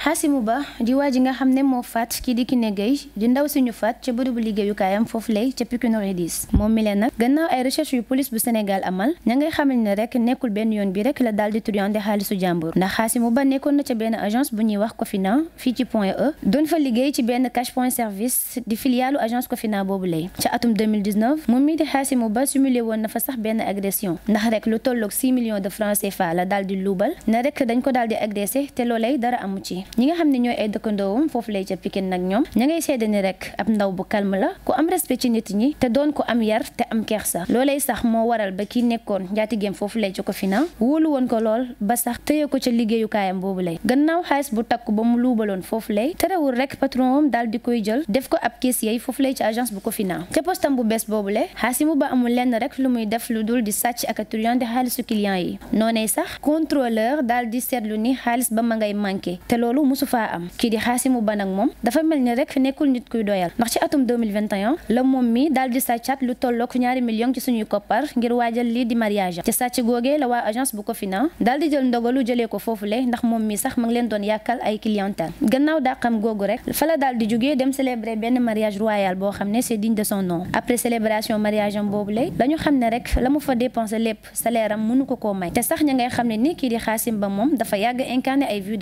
Xaasimu Ba di waa ji nga xam ne moo faat kii di ki Gueye di ndaw suñu faat ca bërëbu liggéeyukaayam foofu lay ca Pikinori 10 moom mi leen nag gannaaw ay recherche yu police bu Sénégal amal ña ngay xamal ne rek nekkul benn yoon bi rek la daal di truande xaalisu jàmbur ndax Xaasimu Ba nekkoon na ca benn agence bu ñuy wax Cofina fii ci Point E doon fa liggéey ci benn cash point service di filialu agence Cofina boobu lay ca atum 2019 moom mi di Xaasimu Ba simulé woon na fa sax benn agression ndax rek lu tolloog 6 millions de francs CFA la daal di luubal ne rek dañ ko daal di agressé te loolay dara amu ci ñi nga xam ne ñooy ay dëkkandoowam foofu lay ca Pikine nag ñoom ña ngay seede ni rek ab ndaw bu calme la ku am respect ci nit ñi te doon ko am yar te am kersa loolay sax moo waral ba kii nekkoon njaatigéem foofu lay ca ko fi na woon ko lool ba sax tëye ko ca liggéeyukaayam boobu lay gannaaw xaalis bu takku ba mu luubaloon foofu lay terewul rek patron am daal di koy jël def ko ab kees yey foofu lay ci agence bu ko fi na ca postam bu bees boobu lay Hassimou Ba amul lenn rek lu muy def lu dul di sàcc ak a truand xaalisu client yi noonee sax contrôleur daal di seetlu ni xaalis ba ma ngay manqué te loolu loolu mosu faa am kii di Xaasimu Ba nag moom dafa mel ni rek nekkul nit kuy doyal ndax ci atum 2021 la moom mi daal di sàccaat lu tollook ñaari million ci suñuy koppar ngir waajal lii di mariage ci sàcc googee la waa agence bu Cofina daal di jël ndogalu jëlee ko foofule ndax moom mi sax ma ngi leen doon yàkkal ay clientèle gannaaw dàqam googu rek fa la daal di jógee dem célébrer benn mariage royal boo xam ne c'est digne de son nom après célébration mariage am boobu lay ne rek la mu fa dépensé lépp salaire ko koo may te sax ña ngay xam ne ni kii di Xaasim Ba moom dafa yàgg incarné ay vues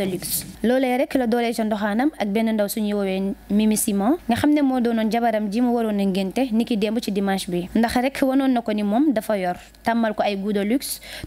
dalee rek la doolee ca ndoxaanam ak benn ndaw suñuy woowee Mimi Simon nga xam ne moo doonoon jabaram ji mu waroon a ngénte ni ki démb ci dimanche bi ndax rek wanoon na ko ni moom dafa yor tàmmal ko ay goût de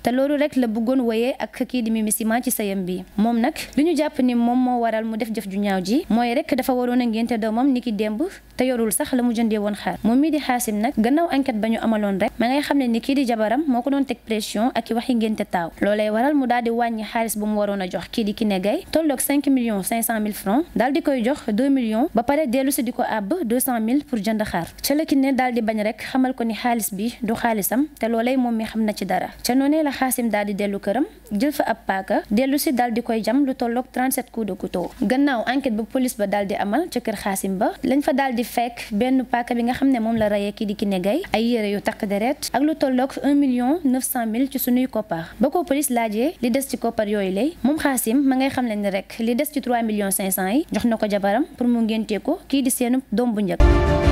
te loolu rek la buggoon woyee ak kii di Mimi Simon ci sëyam bi moom nag li ñu jàpp ni moom moo waral mu def jëf ju ñaaw ji mooy rek dafa waroon a ngénte moom ni ki demb te yorul sax la mu jëndee woon xaar moom mii di xaasim nag gannaaw enquête ba ñu amaloon rek ma ngay xam ne ni kii di jabaram moo ko doon teg pression ak i waxi ngénte taaw loolee waral mu daal di wàññi xaalis bu mu waroon a jox kii di Kiné Gaye tolloog 5 millions francs daal di koy jox 2 ba pare dellu di ko àbb 200 pour jënd xaar ca la Kiné daal bañ rek xamal ko ni xaalis bi du xaalisam te loolee moom mi xam na ci dara ca xaasim daal ba police ba daal di amal fekk benn paaka bi nga xam ne moom la rayee kii di ki Kiné Gaye ay yére yu takk deret ak lu tolloog 1 million 900 mille ci sunuy koppar ba ko polis laajee li des ci koppar yooyu lay moom Xaasim ma ngay xam leen ni rek li des ci million millions 500 yi jox na ko jabaram pour mu ngéntee ko kii di seenu doom bu njëkk